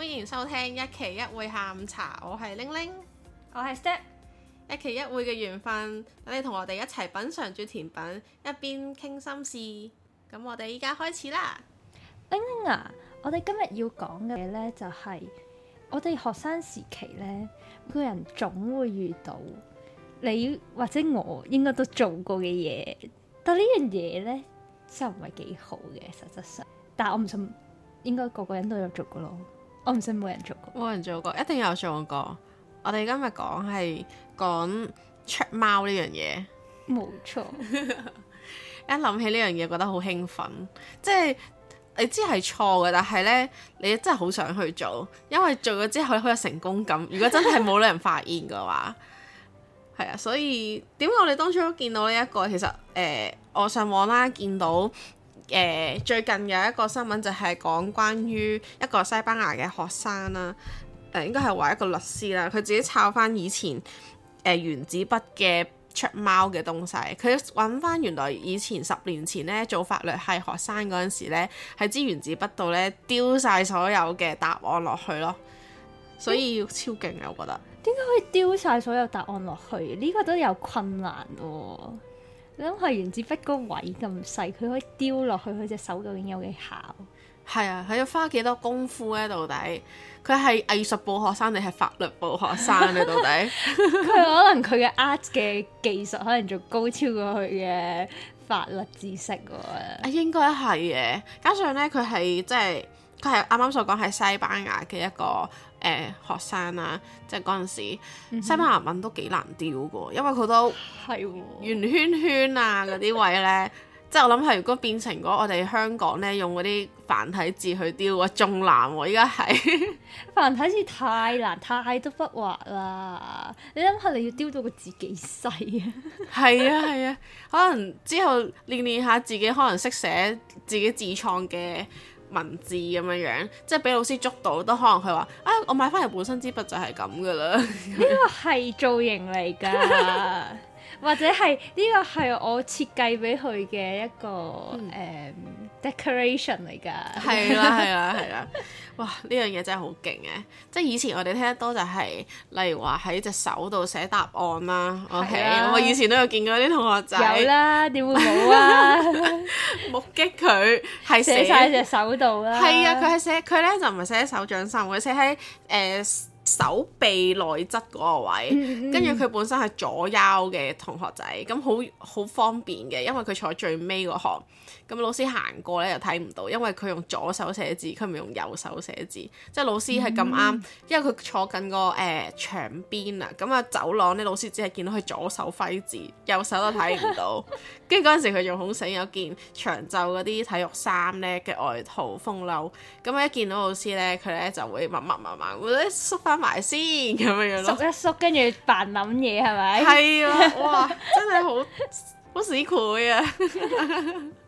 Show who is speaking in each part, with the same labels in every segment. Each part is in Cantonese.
Speaker 1: 歡迎收聽一期一會下午茶，我係玲玲，我係是 Step，一期一會嘅緣分，等你同我哋一齊品嚐住甜品，一邊傾心事。咁我哋依家開始啦，
Speaker 2: 玲玲啊，我哋今日要講嘅嘢呢，就係我哋學生時期呢，每個人總會遇到你或者我應該都做過嘅嘢，但呢樣嘢呢，真係唔係幾好嘅實質上。但係我唔信，應該個個人都有做過咯。
Speaker 1: 我唔信冇人做過，冇人做過，一定有做過。我哋今日講係講出貓呢樣嘢，
Speaker 2: 冇錯。
Speaker 1: 錯 一諗起呢樣嘢，覺得好興奮，即係你知係錯嘅，但係呢，你真係好想去做，因為做咗之後你好有成功感。如果真係冇呢人發現嘅話，係啊， 所以點解我哋當初都見到呢、這、一個？其實誒、呃，我上網啦，見到。誒、呃、最近有一個新聞就係講關於一個西班牙嘅學生啦，誒、呃、應該係話一個律師啦，佢自己抄翻以前誒、呃、原子筆嘅出貓嘅東西，佢揾翻原來以前十年前呢做法律系學生嗰陣時咧喺支原子筆度呢丟晒所有嘅答案落去咯，所以超勁啊！我覺得
Speaker 2: 點解可以丟晒所有答案落去？呢、這個都有困難喎、啊。咁係原子筆個位咁細，佢
Speaker 1: 可以丟落去佢隻手究竟有幾巧？係啊，佢要花幾多功夫咧？到底佢係藝術部學生定係法律部學生咧？到底佢可能佢嘅 art 嘅技術可能仲高超過佢嘅法律知識喎。啊， 應該係嘅。加上咧，佢係即係佢係啱啱所講係西班牙嘅一個。誒、呃、學生啊，即係嗰陣時，嗯、哼西班牙文都幾難雕嘅，因為佢都係圓圈圈啊嗰啲位咧， 即係我諗係如果變成咗我哋香港咧用嗰啲繁體字去雕，仲難喎依家係。 繁體字太難，太多筆畫啦！你諗下，你要雕到個字幾細啊？係 啊係啊，可能之後練練下自己，可能識寫自己自創嘅。文字咁樣樣，即係俾老師捉到，都可能佢話：啊，我買翻嚟本身支筆就係咁㗎啦。呢個係造型嚟㗎。 或者係呢個係我設計俾佢嘅一個誒、嗯嗯、decoration 嚟㗎。係啦， 係啦，係啦。哇！呢樣嘢真係好勁嘅。即係以前我哋聽得多就係、是，例如話喺隻手度寫答案啦。啊、OK，我以前都有見過啲同學仔。有啦，點會冇啊？ 目擊佢係寫晒隻手度啦。係啊，佢係寫佢咧就唔係寫喺手掌心，或者寫喺誒。呃手臂內側嗰個位，跟住佢本身係左腰嘅同學仔，咁好好方便嘅，因為佢坐最尾嗰行。咁老師行過咧又睇唔到，因為佢用左手寫字，佢唔用右手寫字。即係老師係咁啱，嗯、因為佢坐緊個誒牆、呃、邊啊。咁啊走廊咧，老師只係見到佢左手揮字，右手都睇唔到。跟住嗰陣時佢仲好醒，有件長袖嗰啲體育衫咧嘅外套風褸。咁一見到老師咧，佢咧就會慢慢慢慢，或、呃、者縮翻埋先咁樣樣。樣縮一縮，跟住扮諗嘢係咪？係啊！哇，真係好好屎佢啊！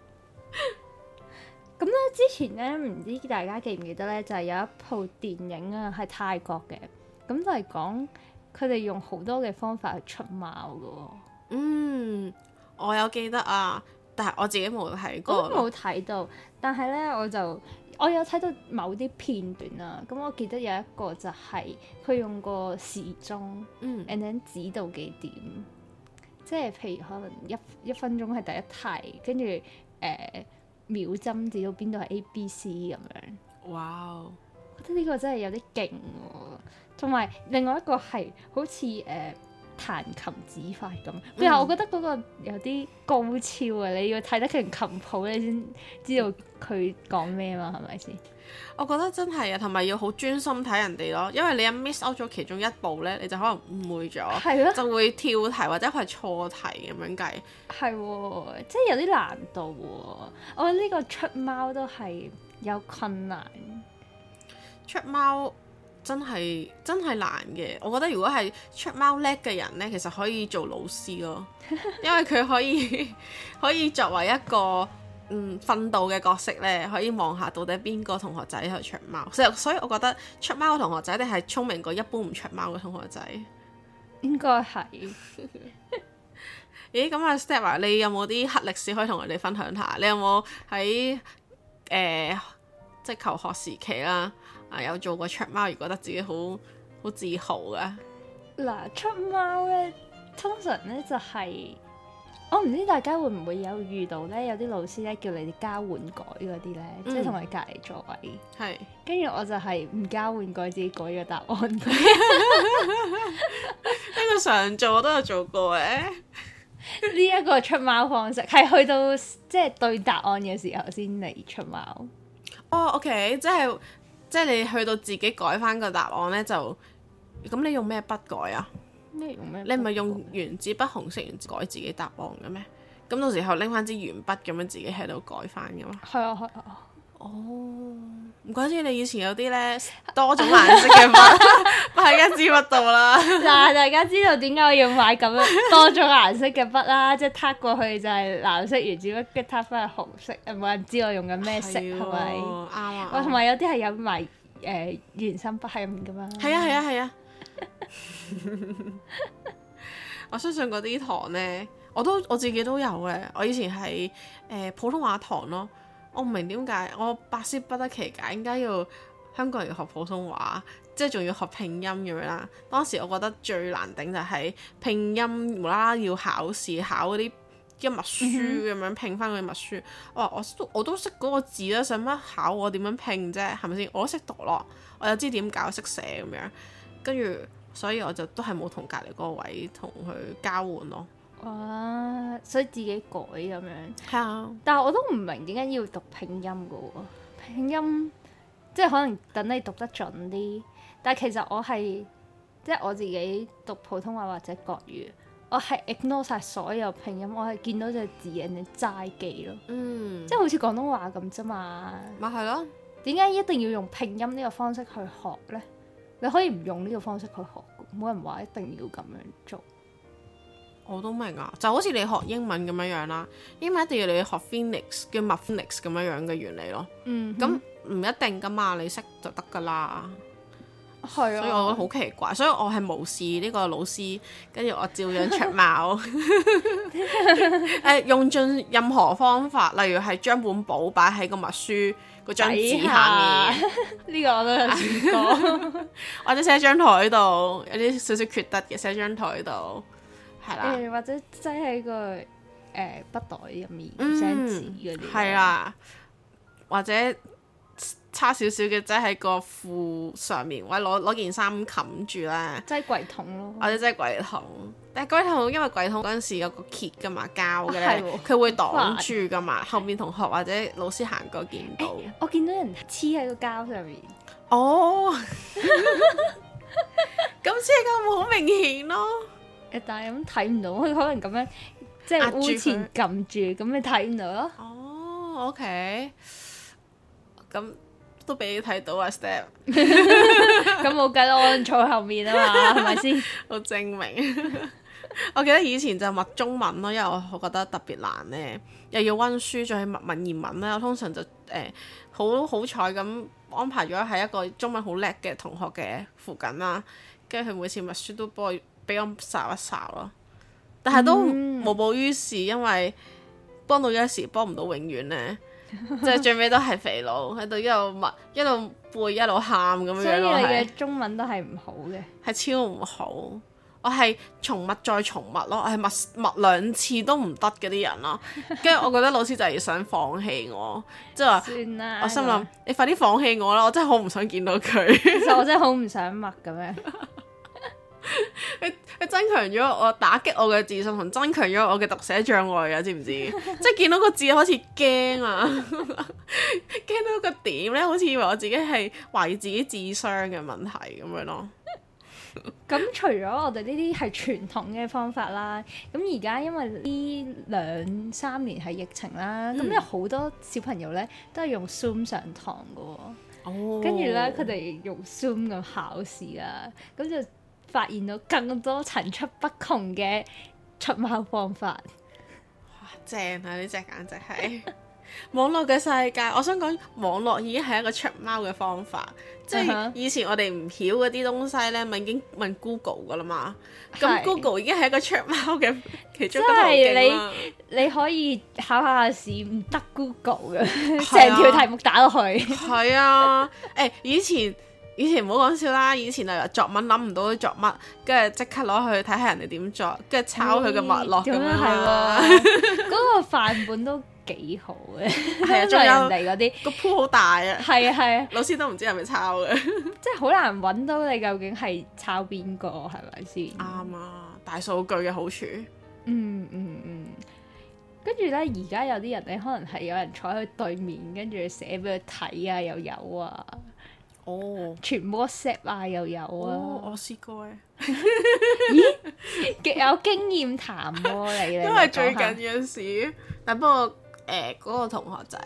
Speaker 2: 咁咧，之前咧，唔知大家記唔記得咧，就係有一套電影啊，係泰國嘅，咁就係講佢哋用好多嘅方法去
Speaker 1: 出貓嘅。嗯，我有記得啊，但係我自己冇睇過，冇睇
Speaker 2: 到。但係咧，我就我有睇到某啲片段啊。咁我記得有一個就係佢用個時鐘，嗯，and then 指到幾點，即係譬如可能一一分鐘係第一題，跟住。誒、呃、秒針指到邊度係 A、B、C 咁樣，哇！我覺得呢個真係有啲勁喎，同埋另外一個係好似誒。呃彈琴，琴指法咁，然後我覺得嗰個有啲高超啊！嗯、你要睇得佢琴譜，你先知道佢講咩嘛，係咪先？
Speaker 1: 我覺得真係啊，同埋要好專心睇人哋咯，因為你一 miss out 咗其中一步咧，你就可能誤會咗，啊、就會跳題或者係錯題咁樣計。係喎、啊，即係有啲難度喎、
Speaker 2: 啊。我、哦、呢、呢個出貓都係有困難。
Speaker 1: 出貓。真係真係難嘅，我覺得如果係出貓叻嘅人呢，其實可以做老師咯，因為佢可以可以作為一個嗯訓導嘅角色呢，可以望下到底邊個同學仔係出貓，所以我覺得出貓嘅同學仔定係聰明過一般唔出貓嘅同學仔，應該該係。咦、 欸，咁啊，Steph，你有冇啲黑歷史可以同我哋分享下？你有冇喺誒即求學時期啦？啊、有做過出貓，而覺得自己好好自豪嘅。
Speaker 2: 嗱，出貓咧，通常咧就係、是、我唔知大家會唔會有遇到咧，有啲老師咧叫你哋交換改嗰啲咧，即係同埋隔離座位。係是，跟住我就係唔交換改自己改嘅答案。呢 個常做，我都有
Speaker 1: 做過嘅。
Speaker 2: 呢 一個出貓方式係去到即係、就是、對答案嘅時候先嚟出貓。
Speaker 1: 哦、oh，OK，即係。即係你去到自己改翻個答案呢，就咁你用咩筆改啊？咩用咩？你唔係用原子筆紅色原子改自己答案嘅咩？咁到時候拎翻支原筆咁樣自己喺度改翻嘅嘛？係啊係啊。哦，唔、oh, 怪之你以前有啲咧多種顏色嘅筆，唔係一支筆到啦。嗱，大家知道點解我要買
Speaker 2: 咁多種顏色嘅筆啦， 即係撻過去就係藍色原子筆，跟住撻翻係紅色，啊冇人知我用緊咩色係咪？啱的啊！我同埋有啲係有埋誒原生筆喺入面噶嘛。係啊
Speaker 1: 係啊係啊！我相信嗰啲堂咧，我都我自己都有嘅。我以前係誒、呃、普通話堂咯。我唔明點解，我百思不得其解，點解要香港人要學普通話，即係仲要學拼音咁樣啦？當時我覺得最難頂就係拼音無啦啦要考試，考嗰啲音默書咁樣拼翻嗰啲默書。書 我話我都我都識嗰個字啦，使乜考我點樣拼啫？係咪先？我都識讀咯，我又知點搞，識寫咁樣。跟住所以我就都係冇同隔離嗰個位同佢交換咯。
Speaker 2: 啊，所以自己改咁樣，係啊，但係我都唔明點解要讀拼音㗎喎？拼音即係可能等你讀得準啲，但係其實我係即係我自己讀普通話或者國語，我係 ignore 晒所有拼音，我係見到隻字人哋齋記咯。嗯，即係好似廣東話咁啫嘛，咪係咯？點解一定要用拼音呢個方式去學咧？你可以唔用呢個方式去學，冇人話一定要咁樣做。
Speaker 1: 我都明啊，就好似你學英文咁樣樣啦，英文一定要你學 phonics 叫嘅默 phonics 咁樣樣嘅原理咯。嗯哼，咁唔一定噶嘛，你識就得噶啦係啊，所以我覺得好奇怪，所以我係無視呢個老師，跟住我照樣出貓。誒， 用盡任何方法，例如係將本簿擺喺個默書個張紙下面，
Speaker 2: 呢、這個我都 試
Speaker 1: 過。或者寫喺張台度，有啲少少缺德嘅，寫喺張台度。係啦，
Speaker 2: 或者擠喺個誒筆袋入面，橡子嗰
Speaker 1: 啲。係啦，或者差少少嘅，擠喺個褲上面，或者攞攞件衫冚住啦。擠櫃桶咯，或者擠櫃桶。但係櫃桶，因為櫃桶嗰陣時有個揭噶嘛，膠嘅咧，佢會擋住噶嘛。後面同學或者老師行過見到，
Speaker 2: 我見到人黐喺個膠上
Speaker 1: 面。哦，咁黐咁
Speaker 2: 好明顯咯。但係咁睇唔到，佢可能咁樣即係烏前撳住，咁你睇唔到
Speaker 1: 咯。哦，oh，OK，咁都俾你睇到啊，Step。咁冇計啦，我坐後面啊嘛，係咪先？ 好精正明名。 我記得以前就默中文咯，因為我我覺得特別難咧，又要溫書，再係默文言文咧。我通常就誒好好彩咁安排咗喺一個中文好叻嘅同學嘅附近啦，跟住佢每次默書都幫我。俾我曬一曬咯，但係都無補於事，因為幫到有時，幫唔到永遠呢。即係 最尾都係肥佬喺度一路默、一路背、一路喊咁樣咯。所以你嘅
Speaker 2: 中文都係唔好嘅，
Speaker 1: 係超唔好。我係重默再重默咯，係默默兩次都唔得嗰啲人咯。跟住 我覺得老師就係想放棄我，即係話算啦，我心諗這樣 你快啲放棄我啦，我真係好唔想見到佢。其實我真係好唔想默咁樣。 佢佢 增強咗我打擊我嘅自信，同增強咗我嘅讀寫障礙啊！知唔知？ 即係見到個字開始驚啊，驚 到個點咧，好似以為我自己係懷疑自己智商嘅問題咁樣咯。
Speaker 2: 咁除咗我哋呢啲係傳統嘅方法啦，咁而家因為呢兩三年係疫情啦，咁、嗯、有好多小朋友咧都係用 Zoom 上堂噶，哦，跟住咧佢哋用 Zoom 咁考試啦，咁就。發現到更多層出不窮嘅出貓方法，
Speaker 1: 哇！正啊，呢隻簡直係 網絡嘅世界。我想講，網絡已經係一個出貓嘅方法。即係以前我哋唔曉嗰啲東西咧，咪已經問 Google 噶啦嘛。咁 Google 已經係一個出貓嘅其中一個。真係 你你可以考下試唔得 Google 嘅，成條題目打落去。係 啊，誒、啊，以前。以前唔好講笑啦，以前啊作文諗唔到作乜，跟住即刻攞去睇下人哋點作，跟住抄佢嘅脈絡咁樣啦。嗰個範本都幾好嘅，就係人哋嗰啲個 pool 好大啊。係啊係啊，老師都唔知係咪抄嘅，即
Speaker 2: 係好難揾到你究竟係抄邊個係咪先？啱啊！大數據嘅好處。嗯嗯嗯。跟住咧，而、嗯、家有啲人咧，可能係有人坐喺佢對面，跟住寫俾佢睇啊，又有啊。哦，oh. 全 WhatsApp 啊又有啊，oh,
Speaker 1: 我試過啊， 咦，
Speaker 2: 極有
Speaker 1: 經驗談喎、啊、你哋，你是是都係最近嘅事。但不過誒嗰個同學仔。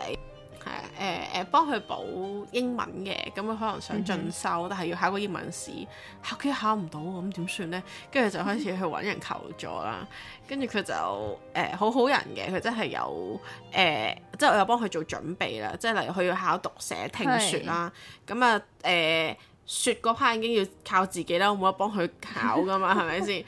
Speaker 1: 誒誒、呃，幫佢補英文嘅，咁佢可能想進修，嗯、哼但係要考個英文試，啊、考佢考唔到，咁點算咧？跟住就開始去搵人求助啦。跟住佢就誒好、呃、好人嘅，佢真係有誒、呃，即係我有幫佢做準備啦。即係例如佢要考讀寫聽説啦，咁啊誒説嗰 part 已經要靠自己啦，我冇得幫佢考㗎嘛，係咪先？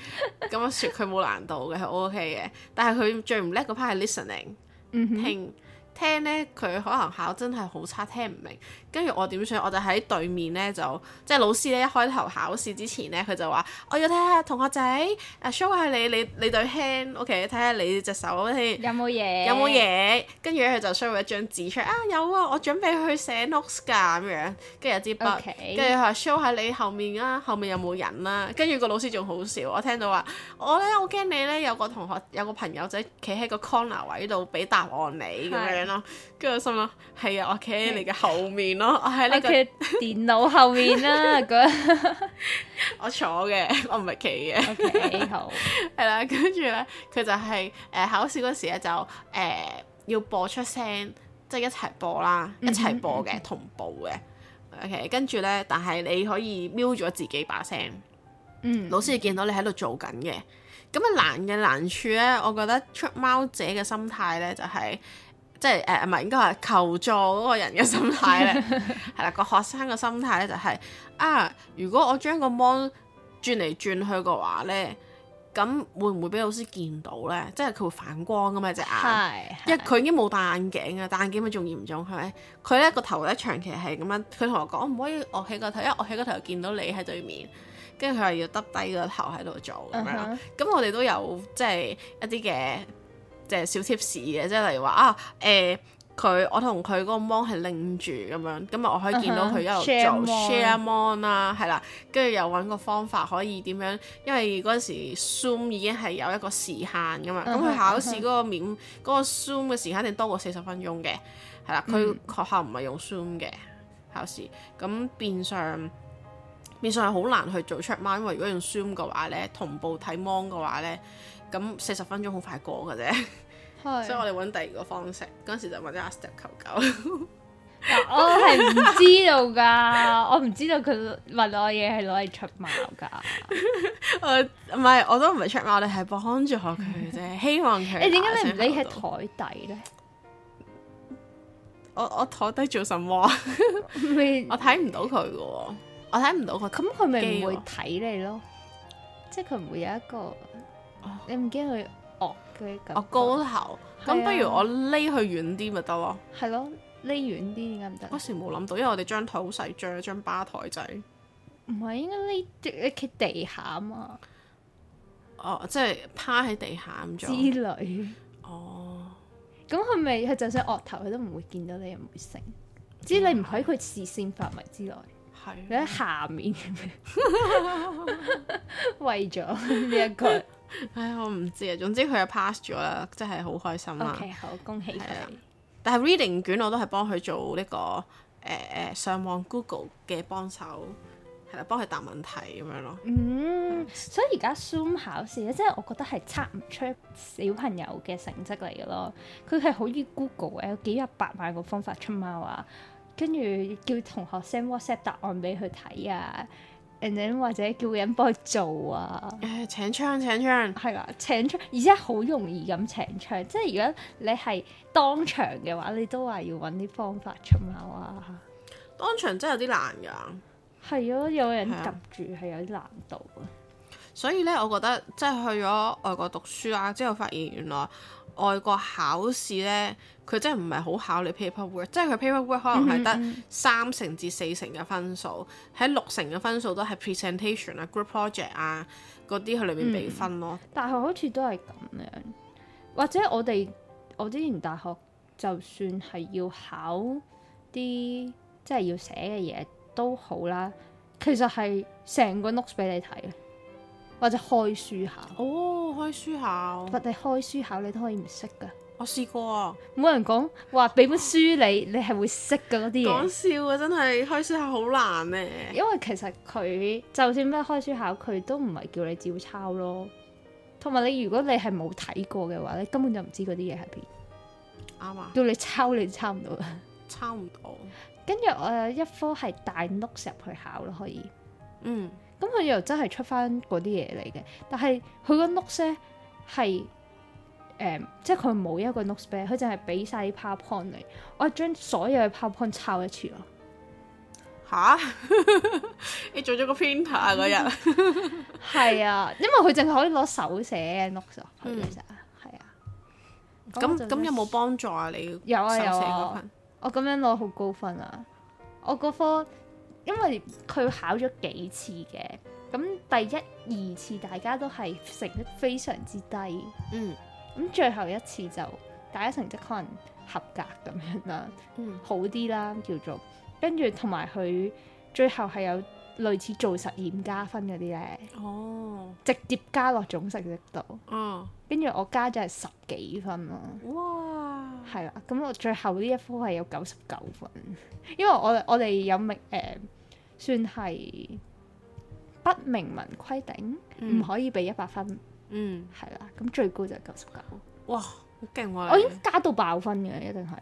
Speaker 1: 咁説佢冇難度嘅係 O K 嘅，但係佢最唔叻嗰 part 係 listening，聽。聽 聽咧，佢可能考真係好差，聽唔明。跟住我點算？我就喺對面咧，就即係老師咧。一開頭考試之前咧，佢就話：我要睇下同學仔，show 下你你你對 hand。O.K.，睇下你隻手有冇嘢？有冇嘢？跟住咧，佢就 show 一張紙出嚟。啊有啊，我準備去寫 notes 咁樣。跟住有支筆，跟住佢話 show 下你後面啊，後面有冇人啦、啊？跟住個老師仲好笑，我聽到話我咧我驚你咧有個同學有個朋友仔企喺個 corner 位度俾答案你咁樣。跟住我心諗係啊，我企喺你嘅後面咯，我喺你嘅
Speaker 2: 電腦後面啦。
Speaker 1: 我坐嘅，我唔係企嘅。O K，好係啦，跟住咧，佢就係誒考試嗰時咧就誒要播出聲，即係一齊播啦，一齊播嘅同步嘅。O K，跟住咧，但係你可以 mute 咗自己把聲，嗯，老師就見到你喺度做緊嘅。咁啊難嘅難處咧，我覺得出貓者嘅心態咧就係。即係誒，唔、呃、係應該係求助嗰個人嘅心態咧，係啦， 個學生嘅心態咧就係、是、啊，如果我將個芒 o 轉嚟轉去嘅話咧，咁會唔會俾老師見到咧？即係佢會反光㗎嘛隻眼， 因為佢已經冇戴眼鏡啊，戴眼鏡咪仲嚴重，係咪？佢咧個頭咧長期係咁樣，佢同我講唔可以我起個頭，因為我起個頭又見到你喺對面，跟住佢又要耷低個頭喺度做咁樣，咁、uh huh. 嗯、我哋都有即係一啲嘅。即係小 t 士嘅，即係例如話啊，誒、欸、佢我同佢嗰個 m o 係 l 住咁樣，咁咪我可以見到佢一路做 share 芒啦，係啦，跟住又揾個方法可以點樣，因為嗰陣時 zoom 已經係有一個時限噶嘛，咁佢、uh huh, 考試嗰個免嗰、uh huh. 個 zoom 嘅時間一定多過四十分鐘嘅，係啦，佢學校唔係用 zoom 嘅、嗯、考試，咁面相，面相係好難去做出 h，因為如果用 zoom 嘅話呢，同步睇芒嘅話呢。咁四十分鐘好快過嘅啫，啊、所以我哋揾第二個方式。嗰時就問阿 Step 求救、
Speaker 2: 啊，我係唔知
Speaker 1: 道噶， 我唔知道佢
Speaker 2: 問我嘢係攞嚟出貓噶。
Speaker 1: 我唔係，我都唔係出貓，我哋係幫助佢啫， 希望佢、啊。誒，點解你唔理喺台底咧？我我台底做什麼？ 明明我睇唔到佢噶，
Speaker 2: 我睇唔到佢明明 機，咁佢咪唔會睇你咯？即係佢唔會有一個。你唔驚佢惡佢
Speaker 1: 咁？我、哦、高頭，咁、啊、不如我匿去遠啲咪得咯？係咯，匿遠啲點解唔得？嗰時冇諗到，因為我哋張台好細，仲有張吧台仔。唔係應該匿喺地下嘛？哦，即、就、係、是、
Speaker 2: 趴喺地下咁之類。哦，咁佢咪佢就算惡頭，佢都唔會見到你又唔會醒，只係你唔喺佢視線範圍之內，喺、啊、下
Speaker 1: 面。為咗呢一句。 唉，我唔知啊。總之佢係 pass 咗啦，即係好開心啦。Okay，好，恭喜佢。但係 reading 卷我都係幫佢做呢、這個誒誒、呃、上網 Google 嘅幫手，係啦，幫佢答問題咁樣咯。嗯，
Speaker 2: 了所以而家 Zoom 考試咧，即係我覺得係測唔出小朋友嘅成績嚟嘅咯。佢係好依 Google 嘅，有幾廿百萬個方法出貓啊，跟住叫同學 send WhatsApp 答案俾佢睇啊。人哋或者叫人幫佢做啊，呃、請槍請槍，係啦、啊、請槍，而且好容易咁請槍，即係如果你係當場嘅話，你都話要揾啲方法出貓啊。是是
Speaker 1: 當場真係有啲難㗎，
Speaker 2: 係咯、啊，有人撳住係有啲難度啊。
Speaker 1: 所以呢，我覺得即係去咗外國讀書啊之後，發現原來，外國考試咧，佢真係唔係好考你 paperwork，即係佢 paperwork 可能係得三成至四成嘅分數，喺、mm hmm. 六成嘅分數都係 presentation 啊、group project 啊嗰啲佢裏面俾分咯。嗯、
Speaker 2: 大學好似都係咁樣，或者我哋我之前大學就算係要考啲即係要寫嘅嘢都好啦，其實係成個 notes 俾你睇。或者開書考哦，開書考，或者開書考，你都可以唔識噶。我試過啊，冇人講話俾本書你，你係會識噶嗰啲嘢。講
Speaker 1: 笑啊，笑真係開書考好難咩、啊？因為其
Speaker 2: 實佢就算咩開書考，佢都唔係叫你照抄咯。同埋你如果你係冇睇過嘅話你根本就唔知嗰啲嘢係邊。
Speaker 1: 啱啊吧！叫你
Speaker 2: 抄你抄唔到啦，
Speaker 1: 抄唔到。
Speaker 2: 跟住我有一科係帶 note 入去考咯，可以。嗯。咁佢又真係出翻嗰啲嘢嚟嘅，但係佢個 notes 咧係誒，即係佢冇一個 notes 俾佢，淨係俾晒啲 powerpoint 嚟，我係將所有嘅 powerpoint 抄一次咯。
Speaker 1: 吓，
Speaker 2: 你
Speaker 1: 做咗個 printer 嗰日，
Speaker 2: 係啊，因為佢淨係可以攞手寫嘅
Speaker 1: notes、嗯嗯、啊，係啊，
Speaker 2: 咁咁有冇幫
Speaker 1: 助啊？你有啊有啊，
Speaker 2: 我咁樣攞好高分啊，我嗰科。因為佢考咗幾次嘅，咁第一、二次大家都係成績非常之低，嗯，咁最後一次就大家成績可能合格咁樣啦，嗯、好啲啦，叫做，跟住同埋佢最後係有類似做實驗加分嗰啲咧，哦，直接加落總成績度，哦、嗯，跟住我加咗係十幾分咯，哇，係啦，咁我最後呢一科係有九十九分，因為我哋我哋有明誒。算係不明文規定唔、嗯、可以俾一百分，嗯，係啦，咁最高就九十九，哇，好勁喎、啊！我已經加到爆分嘅，一定係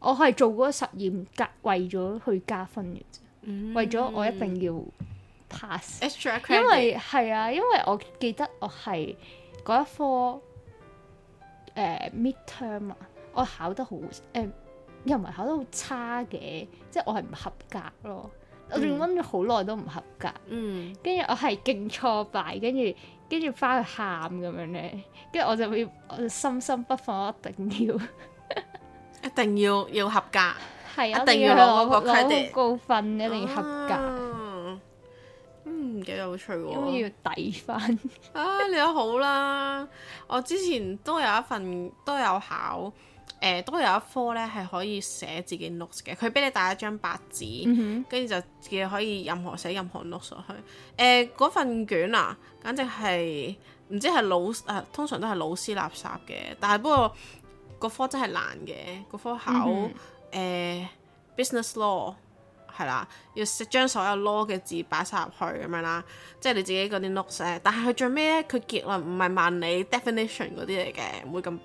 Speaker 2: 我係做嗰個實驗加為咗去加分嘅啫，嗯、為咗我一定要、
Speaker 1: 嗯、pass。Extra credit. 因為
Speaker 2: 係啊，因為我記得我係嗰一科誒 midterm 啊，呃、Mid term, 我考得好誒、呃，又唔係考得好差嘅，即、就、係、是、我係唔合格咯。我仲溫咗好耐都唔合格，跟住、嗯、我係勁挫敗，跟住跟住翻去喊
Speaker 1: 咁樣咧，跟住
Speaker 2: 我就會，我就心心不忿，我一定要 ，
Speaker 1: 一定要要合格，係啊，一定要我攞定個高
Speaker 2: 分，一定要合格，啊、
Speaker 1: 嗯，幾有趣，因為要抵翻啊！你都好啦， 我之前都有一份都有考。誒都、呃、有一科咧，係可以寫自己 notes 嘅。佢俾你帶一張白紙，跟住、嗯、哼就嘅可以任何寫任何 notes 落去。誒、呃、嗰份卷啊，簡直係唔知係老啊、呃，通常都係老師垃圾嘅。但係不過個科真係難嘅，個科考誒 business law 係啦，要將所有 law 嘅字擺晒入去咁樣啦。即係你自己嗰啲 notes 咧，但係佢最尾咧，佢結論唔係問你 definition 嗰啲嚟嘅，唔會咁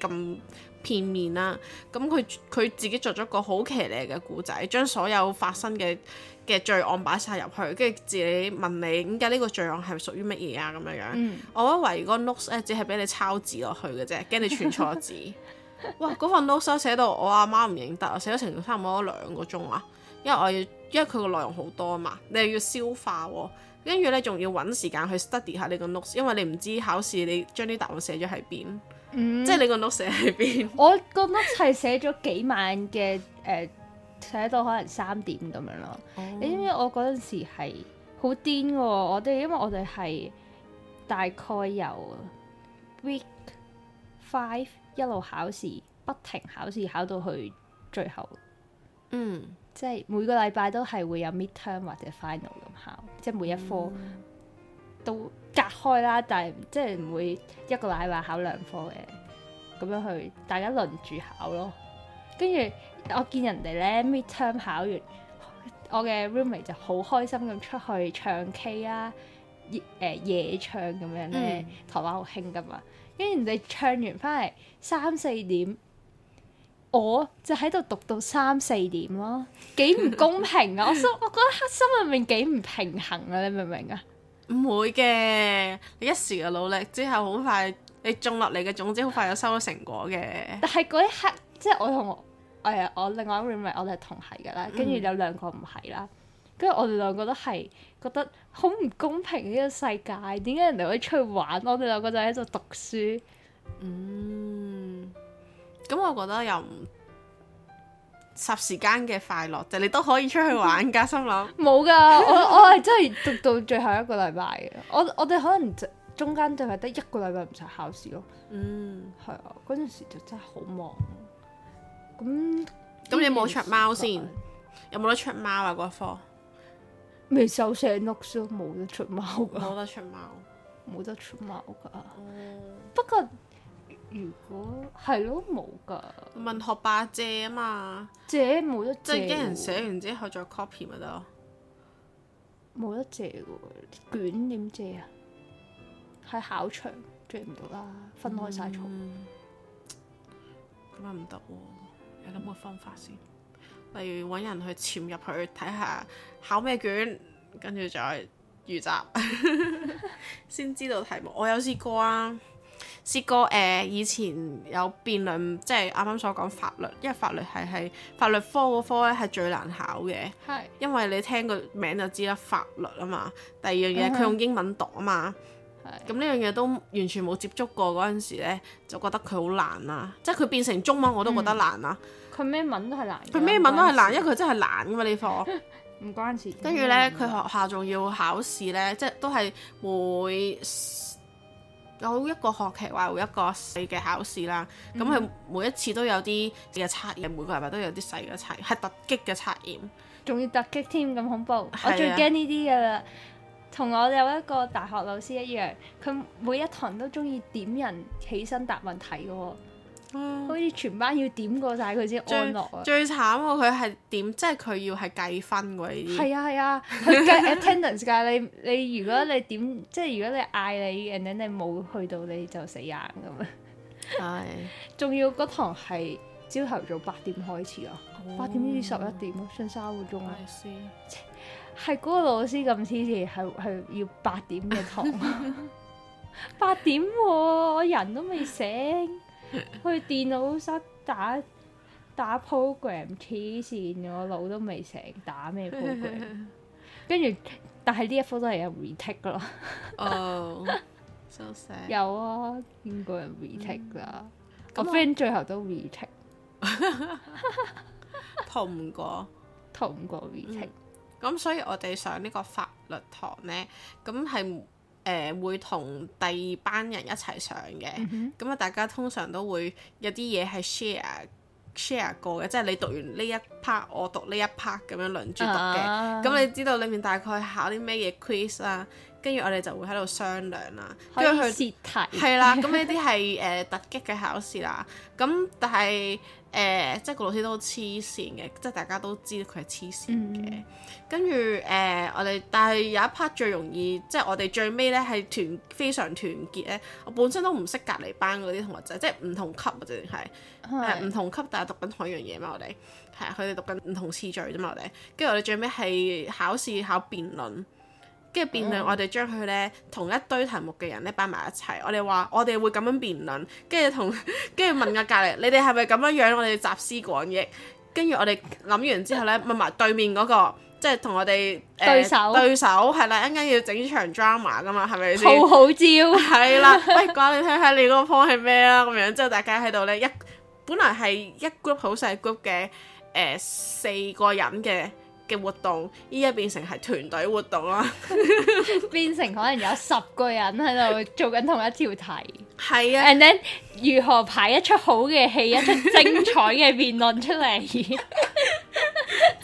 Speaker 1: 咁。片面啦、啊，咁佢佢自己作咗個好騎呢嘅故仔，將所有發生嘅嘅罪案擺晒入去，跟住自己問你點解呢個罪案係屬於乜嘢啊咁樣樣。嗯、我覺得維個 notes 咧只係俾你抄字落去嘅啫，驚你串錯字。 哇！嗰份 notes 寫到我阿媽唔認得啊，我寫咗成度差唔多兩個鐘啊，因為我要因為佢個內容好多啊嘛，你又要消化、啊，跟住咧仲要揾時間去 study 下呢個 notes，因為你唔知考試你將啲答案寫咗喺邊。嗯、即係你個 note 寫喺邊？
Speaker 2: 我個 note 係寫咗幾晚嘅，誒、呃，寫到可能三點咁樣咯。Oh. 你知唔知我嗰陣時係好癲嘅？我哋因為我哋係大概由 week five 一路考試，不停考試，考到去最後。嗯，mm. 即係每個禮拜都係會有 midterm 或者 final 咁考，即係每一科。Mm. 都隔開啦，但係即係唔會一個禮拜考兩科嘅，咁樣去大家輪住考咯。跟住我見人哋咧，midterm 考完，我嘅 roommate 就好開心咁出去唱 K 啊，誒、呃、夜唱咁樣咧、呃，台灣好興噶嘛。跟住、嗯、人哋唱完翻嚟三四點，我就喺度讀到三四點咯，幾唔公平啊！我心 我覺得心入面幾唔平衡啊，你明唔明啊？
Speaker 1: 唔會嘅，你一時嘅努力之後，好快你種落嚟嘅種子，好快有收到成果嘅。但係嗰一刻，
Speaker 2: 即係我同我，我，我另外一位 roommate，我哋係同系㗎啦，跟住有兩個唔係啦，跟住、嗯、我哋兩個都係覺得好唔公平呢一個世界，點解人哋可以出去玩，我哋兩個就喺
Speaker 1: 度讀書。嗯，咁我覺得又唔～霎時間嘅快樂就是，你都可以出去玩噶心諗。冇噶， 我我係真係
Speaker 2: 讀到最後一個禮拜嘅。我我哋可能就中間就係得一個禮拜唔使考試咯。嗯，係啊，嗰陣時就真係好忙。
Speaker 1: 咁咁你冇出貓先，的有冇、啊、得出貓啊？嗰科
Speaker 2: 未收寫 note，屋書冇得出貓噶，冇
Speaker 1: 得出貓，
Speaker 2: 冇得出貓噶。嗯、
Speaker 1: 不過。如果係咯，冇㗎問學霸借啊嘛，借冇得借，即係啲人寫完之後再 copy 咪得咯，
Speaker 2: 冇得借喎，卷點借啊？喺考場借唔到啦，嗯、分開晒場，
Speaker 1: 咁啊唔得喎，有冇方法先？例如揾人去潛入去睇下考咩卷，跟住再預習，先 知道題目。我有試過啊。試過誒、呃，以前有辯論，即係啱啱所講法律，因為法律係係法律科嗰科咧係最難考嘅。係是因為你聽個名就知啦，法律啊嘛。第二樣嘢佢、嗯、是用英文讀啊嘛。係咁呢樣嘢都完全冇接觸過嗰陣時咧，就覺得佢好難啦、啊。即係佢變成中文我都覺得難啦、啊。
Speaker 2: 佢咩、嗯、文都係難，難。佢咩文都係難，因為佢
Speaker 1: 真係難㗎嘛呢科。
Speaker 2: 唔關事。跟住咧，佢學
Speaker 1: 校仲要考試咧，即係都係每。有一個學期話會一個細嘅考試啦，咁佢、嗯、哼每一次都有啲嘅測驗，每個禮拜都有啲細嘅測驗，係突擊嘅測驗，
Speaker 2: 仲要突擊添，咁恐怖！的我最驚呢啲噶啦，同我有一個大學老師一樣，佢每一堂都中意點人起身答問題噶喎。 好似全班要點過晒佢先安樂啊！最
Speaker 1: 慘喎，佢係點即係佢要係計分喎呢啲。係
Speaker 2: 啊係啊，佢計 attendance 㗎。你你如果你點即係如果你嗌你，然後你冇去到你就死硬咁啊！仲要嗰堂係朝頭早八點開始啊！八點至十一點啊，上三個鐘啊！係嗰個老師咁黐線，係係要八點嘅堂，八點我人都未醒。 去電腦室打打 program，黐線嘅，我腦都未成打咩 program。跟住，但係呢一科都係有 retake 咯。哦，收
Speaker 1: 成有
Speaker 2: 啊，邊個人 retake 啦？我 friend 最後都 retake，
Speaker 1: 逃唔過，逃唔過 retake。咁所以我哋上呢個法律堂咧，咁係。誒會同第二班人一齊上嘅，咁啊、嗯、哼大家通常都會有啲嘢係 share share 過嘅，即、就、係、是、你讀完呢一 part，我讀呢一 part 咁樣輪住讀嘅。咁、啊、你知道裏面大概考啲咩嘢 quiz 啊？跟住我哋就會喺度商量啦，跟住佢，係啦。咁呢啲係誒突擊嘅考試啦。咁但係誒、呃，即係個老師都黐線嘅，即係大家都知道佢係黐線嘅。跟住誒，我哋但係有一 part 最容易，即係我哋最尾咧係團非常團結咧。我本身都唔識隔離班嗰啲同學仔，即係唔同級嘅，淨係唔同級，但係讀緊同一樣嘢嘛。我哋係啊，佢哋讀緊唔同次序啫嘛。我哋跟住我哋最尾係考試考辯論。跟住辯論，我哋將佢咧同一堆題目嘅人咧擺埋一齊。我哋話我哋會咁樣辯論，跟住同跟住問下隔離， 你哋係咪咁樣樣？我哋集思廣益。跟住我哋諗完之後咧，問埋對面嗰、嗰個，即係同我哋對手、呃、對手係啦，一陣間要整場 drama 噶嘛，係咪先？好好招係啦，喂，講你聽下你嗰方係咩啦咁樣。之後大家喺度咧，一本來係一 group 好細 group 嘅誒四個人嘅嘅活動依家變成係團隊活動啦， 變成可能有十個人喺度做緊同一條題，
Speaker 2: 係啊的，and then 如何排一出好嘅戲， 一出精彩嘅辯論出
Speaker 1: 嚟，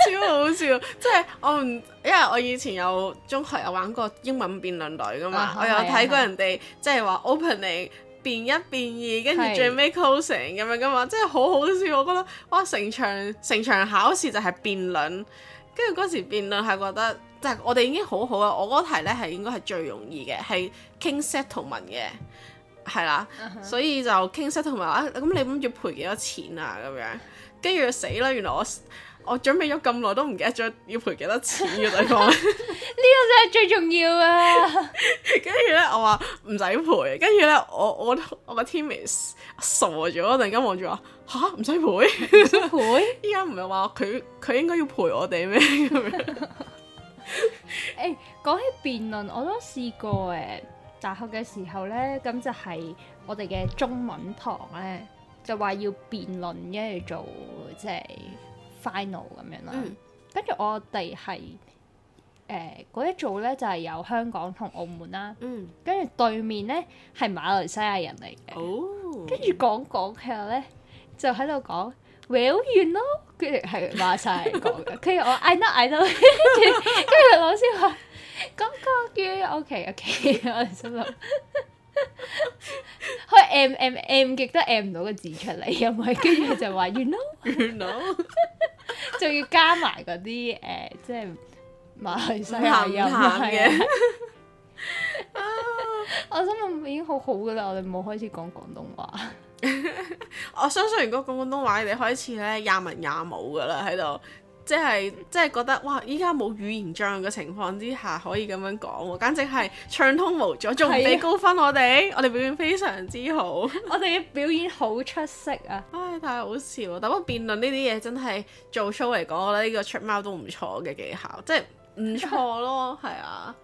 Speaker 1: 超好笑！即係我唔，因為我以前有中學有玩過英文辯論隊噶嘛，uh, 我有睇過人哋、uh, 的即係話 opening 辯一辯二，跟住最尾 closing 咁的樣噶嘛，即係好好笑！我覺得哇，成場成場考試就係辯論。跟住嗰時辯論係覺得，即係我哋已經好好嘅，我嗰題咧係應該係最容易嘅，係傾 settlement 嘅，係啦，uh huh. 所以就傾 settlement 同埋話，咁你諗住賠幾多錢啊？咁樣跟住死啦！原來我我準備咗咁耐都唔記得咗要賠幾多錢嘅地方。呢個真係最重要啊！跟住咧，我話唔使賠。跟住咧，我我我個 teammate 傻咗，突然間望住話。吓，唔使賠！依家唔係話佢佢應該要賠我哋咩咁
Speaker 2: 樣？誒、 欸、講起辯論，我都試過誒大學嘅時候咧，咁就係我哋嘅中文堂咧，就話要辯論一嚟做即係 final 咁樣啦。跟住、嗯、我哋係誒嗰一組咧，就係、是、有香港同澳門啦、啊。嗯，跟住對面咧係馬來西亞人嚟嘅。哦，跟住講講下咧。就喺度講，well you know，跟住係話曬講，跟住我，I know I know，跟住老師話，講講完 OK OK，我哋心諗，佢 M M M 極都 M 唔到個字出嚟，因為跟住就話 you know you know，仲要加埋嗰啲誒，即係馬來西亞音嘅。
Speaker 1: 啊、 我心諗已經好好噶啦，我哋冇開始講廣東話。 我相信如果講廣東話，你哋開始咧，也文也武噶啦喺度，即係即係覺得哇！依家冇語言障礙嘅情況之下，可以咁樣講，簡直係暢通無阻，仲唔俾高分我哋，啊、我哋表演非常之好， 我哋嘅表演好出色啊！唉，太好笑。但係辯論呢啲嘢真係做 show 嚟講，我覺得呢個出貓都唔錯嘅技巧，即係唔錯咯，係 啊。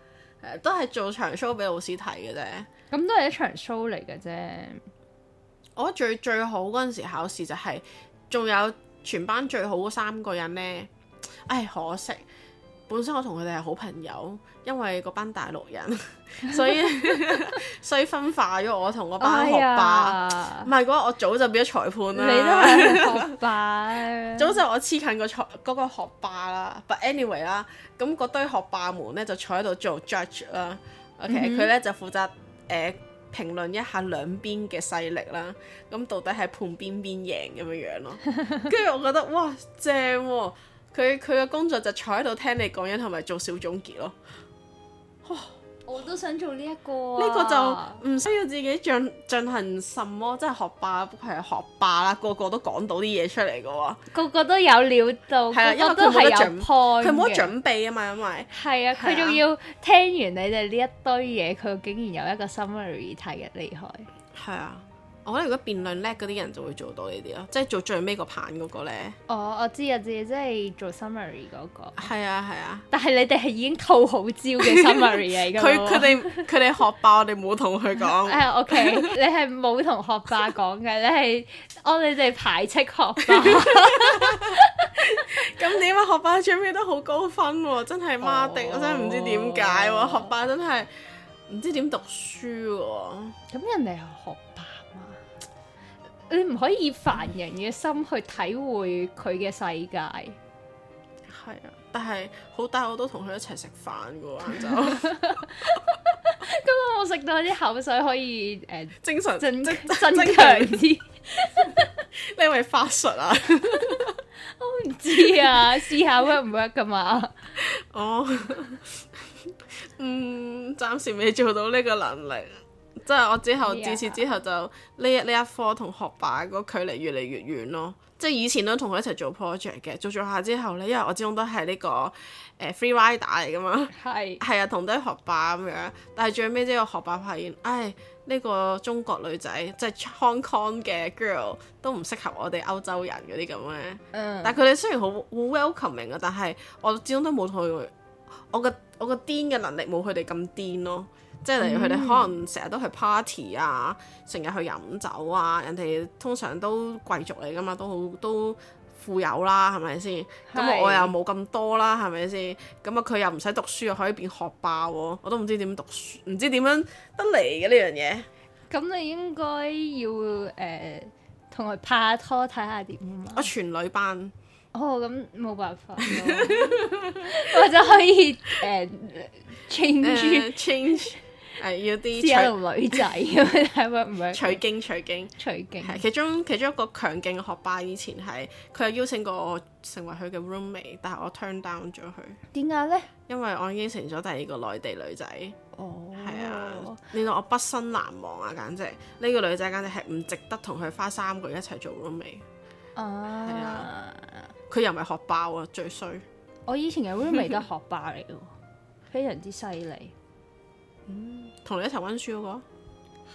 Speaker 1: 誒都係做長 show 俾老師睇嘅啫，咁都係一場 show 嚟嘅啫。嗯、我最最好嗰陣時考試就係、是、仲有全班最好三個人呢。唉可惜。本身我同佢哋係好朋友，因為嗰班大陸人，所以 所以分化咗我同嗰班學霸。唔係、哎呀，嗰日我早就變咗裁判啦。你都係學霸， 早就我黐近、嗰個裁嗰、嗰個、學霸啦。But anyway 啦，咁嗰堆學霸們咧就坐喺度做 judge 啦。
Speaker 2: OK，佢咧、嗯、哼
Speaker 1: 就負責誒、呃、評論一下兩邊嘅勢力啦。咁到底係判邊邊贏咁樣樣咯？跟住 我覺得哇，正喎、啊！佢佢嘅工作就坐喺度聽你講嘢同埋做小總結咯。
Speaker 2: 我都想做呢一個、啊，呢個就
Speaker 1: 唔需要自己進進行什麼，即係學霸係學霸啦，個個都講到啲嘢出嚟㗎。個
Speaker 2: 個都有料到，係啊，因為佢冇準備，佢冇準
Speaker 1: 備啊嘛，因為係啊，佢仲要
Speaker 2: 聽完你哋呢一堆嘢，佢竟然有一個 summary，太厲害，
Speaker 1: 係啊。我覺得如果辯論叻嗰啲人就會做到呢啲咯，即係做最尾個棒嗰個咧。
Speaker 2: 哦，我知，知、那個、啊，知，即係做 summary 嗰個。係啊，係啊。但係你哋係已經套好
Speaker 1: 招嘅 summary 嚟㗎。 佢佢哋佢哋學霸， 我哋冇同佢講。誒、uh，OK，
Speaker 2: 你係冇同學霸講嘅， 你係哦，你哋排斥學霸。
Speaker 1: 咁 點 啊？學霸最尾都好高分喎、啊，真係孖的，oh, 我真係唔知點解喎。Oh. 學霸真係唔知點讀書喎、啊。咁人哋係
Speaker 2: 學。你唔可以凡人嘅心去體會佢嘅世界，係啊！
Speaker 1: 但係好大我都同佢一齊食飯嘅話，
Speaker 2: 就今日我食到啲口水可以誒，呃、精神增增增強啲。 你係咪法術啊？ 我唔知啊，試下 work 唔 work 噶嘛？
Speaker 1: 哦 ，oh, 嗯，暫時未做到呢個能力。即係我之後，自 Yeah. 此之後就呢一呢一科同學霸個距離越嚟越遠咯。即係以前都同佢一齊做 project 嘅，做做下之後呢，因為我始終都係呢、呢個、欸、freerider 嚟噶嘛，係係 Yeah. 啊，同啲學霸咁樣。但係最尾即係學霸發現，唉，呢、呢個中國女仔即係 Hong Kong 嘅 girl 都唔適合我哋歐洲人嗰啲咁嘅。但係佢哋雖然好好 welcoming 啊，但係我始終都冇同佢，我個我個癲嘅能力冇佢哋咁癲咯。
Speaker 2: 嗯、即係例如佢哋可能
Speaker 1: 成日都去 party 啊，成日去飲酒啊，人哋通常都貴族嚟㗎嘛，都好都富有啦，係咪先？咁是我又冇咁多啦，係咪先？咁啊佢又唔使讀書又可以變學霸，啊，我都唔知點讀書，唔知點樣得嚟嘅呢樣嘢。
Speaker 2: 咁、嗯、你應該要誒同佢拍下拖睇下點，我全女班哦，咁冇辦法，
Speaker 1: 我就 可以誒、呃、change、呃、change。 誒要啲女仔， 取經取經取經，係其中其中一個強勁嘅學霸。以前係佢有邀請過我成為佢嘅 roommate，但係我 turn down 咗佢。點解咧？因為我已經成咗第二個內地女仔。哦，係啊！令到我畢生難忘啊！簡直呢、呢個女仔簡直係唔值得同佢花三個月一齊做 roommate。哦、ah.，係啊！佢又唔係學霸啊，最衰。
Speaker 2: 我以前嘅 roommate 都係
Speaker 1: 學霸嚟嘅，
Speaker 2: 非常之犀利。嗯，同你一齊溫書嗰個，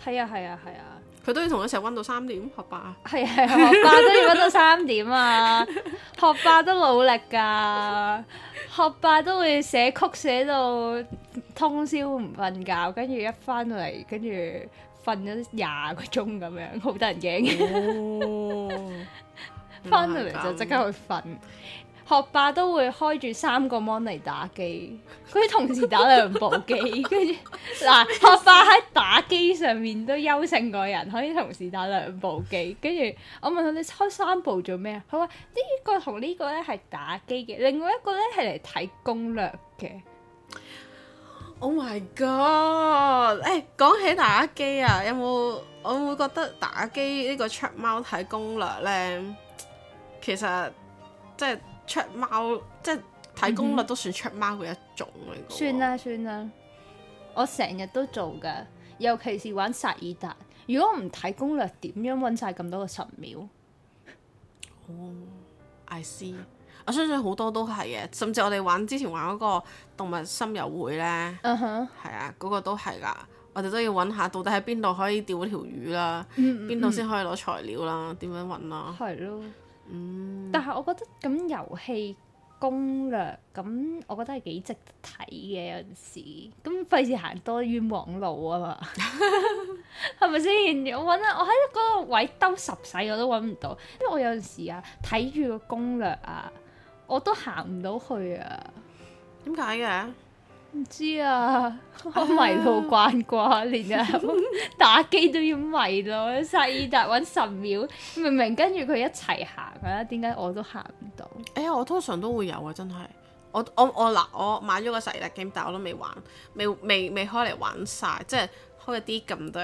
Speaker 2: 係啊係啊係啊，
Speaker 1: 佢、啊啊、都要同你一齊溫到三點，學霸啊，係啊，學霸都要溫到
Speaker 2: 三點啊，學霸都努力噶，學霸都會寫曲寫到通宵唔瞓覺，跟住一翻、哦、 到嚟，跟住瞓咗廿個鐘咁樣，好得人驚，翻到嚟就即刻去瞓。學霸都會開住三個 mon 嚟打機，佢可以同時打兩部機。跟住嗱，學霸喺打機上面都優勝過人，可以同時打兩部機。跟住 我問佢：你開三部做咩啊？佢話呢個同呢個咧係打機嘅，另外一個咧係嚟睇攻略嘅。
Speaker 1: Oh my god！誒、欸，講起打機啊，有冇我會覺得打機呢個出貓睇攻略咧，其實即係。出貓即係睇攻略都算出貓嘅一種嚟、嗯、算啦
Speaker 2: 算啦，我成日都做噶，尤其是玩薩爾達。如果唔睇攻略，點樣揾晒咁多個神廟？
Speaker 1: 哦，I see. 我相信好多都係嘅，甚至我哋玩之前玩嗰個動物森友會呢。嗯哼、uh，係、huh. 啊，嗰、那個都係噶。我哋都要揾下到底喺邊度可以釣條魚啦，邊度先可以攞材料啦，點、uh huh. 樣揾啊？係咯。
Speaker 2: 嗯，但係我覺得咁遊戲攻略咁，我覺得係幾值得睇嘅，有陣時，咁費事行多冤枉路啊嘛，係咪先？我揾啊，我喺嗰個位兜十世我都揾唔到，因為我有陣時啊睇住個攻略啊，我都行唔到去啊，點解嘅？唔知啊，我迷路慣啩，連打機都要迷路。《塞爾達》搵十秒，明明跟住佢一齊行啊，點解我都行
Speaker 1: 唔到？哎呀、欸，我通常都會有啊，真係，我我我嗱，我買咗個《塞爾達》game，但我都未玩，未未未開嚟玩晒，即係開一啲咁多，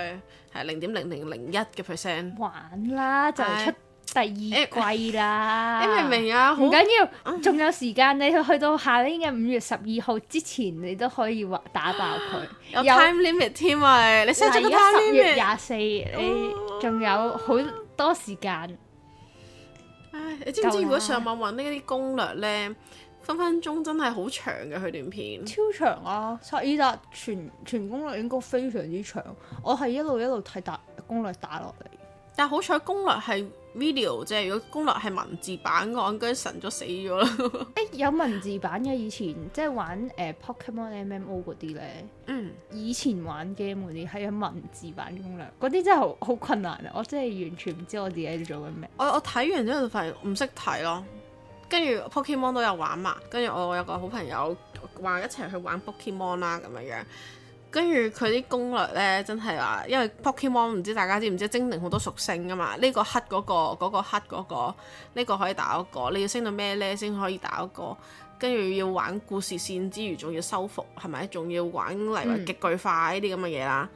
Speaker 1: 係零點零零零一嘅 percent。玩啦，就出。哎第二
Speaker 2: 季啦，你 明唔明啊？唔緊要，仲有時間。你去到下年嘅五月十二號之前，你都可以打爆佢。 有 time limit 添啊有！你先做咗十月廿四，你
Speaker 1: 仲有好多時間。 唉，你知唔知如果上網揾呢啲攻略呢，分分鐘真係好長嘅佢段片，超長啊！所以就全全攻略應該非常之長，我係一路一路睇打攻略打落嚟。但好彩攻略係 video 即係如果攻略係文字版嘅話，應該神咗死咗啦。誒、
Speaker 2: 欸，有文字版嘅以前，即係玩誒、呃、Pokemon MMO 嗰啲咧。嗯，以前玩 game 嗰啲係有文字版攻略，嗰啲真係好
Speaker 1: 好困難啊！我真係完全唔知我自己喺度做緊咩。我我睇完之後就發現唔識睇咯，跟住 Pokemon 都有玩嘛。跟住我有個好朋友話一齊去玩 Pokemon 啦，咁樣。跟住佢啲攻略呢，真係話，因為 Pokemon 唔知大家知唔知，精靈好多屬性噶嘛，呢、這個黑嗰、那個，嗰、那個黑嗰、那個，呢、這個可以打一個，你要升到咩呢？先可以打一個？跟住要玩故事線之餘，仲要修復，係咪？仲要玩例如極巨化呢啲咁嘅嘢啦。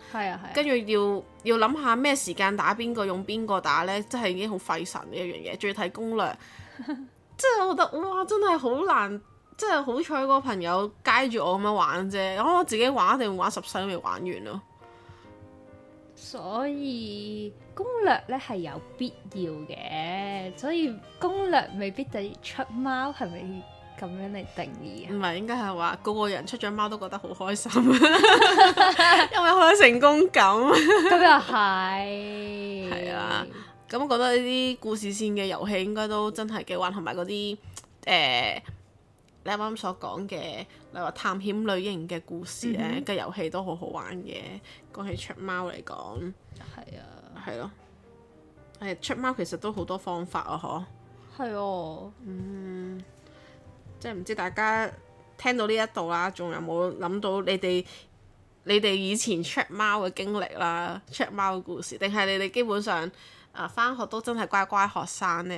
Speaker 1: 跟住、啊啊、要要諗下咩時間打邊個，用邊個打呢？真係已經好費神呢一樣嘢，仲要睇攻略。即係 我覺得，哇！真係好難。即係好彩個朋友帶住我咁樣玩啫，我、啊、我自己玩一定玩十世都未玩完咯。所以
Speaker 2: 攻略咧係有必要嘅，所以攻略未必就係
Speaker 1: 出貓，係咪咁樣嚟定義啊？唔係，應該係話個個人出咗貓都覺得好開心， 因為好有成功感。咁又係，係 啊。咁我覺得呢啲故事線嘅遊戲應該都真係幾玩，同埋嗰啲誒。呃你啱啱所講嘅，例如話探險類型嘅故事咧，嘅遊戲都好好玩嘅。講起出貓嚟講，係啊，係咯，誒，出貓其實都好多方法啊，嗬、啊，係哦，嗯，即係唔知大家聽到呢一度啦，仲有冇諗到你哋，你哋以前出貓嘅經歷啦，出貓嘅故事，定係你哋基本上啊，返學都真係乖乖的學生呢？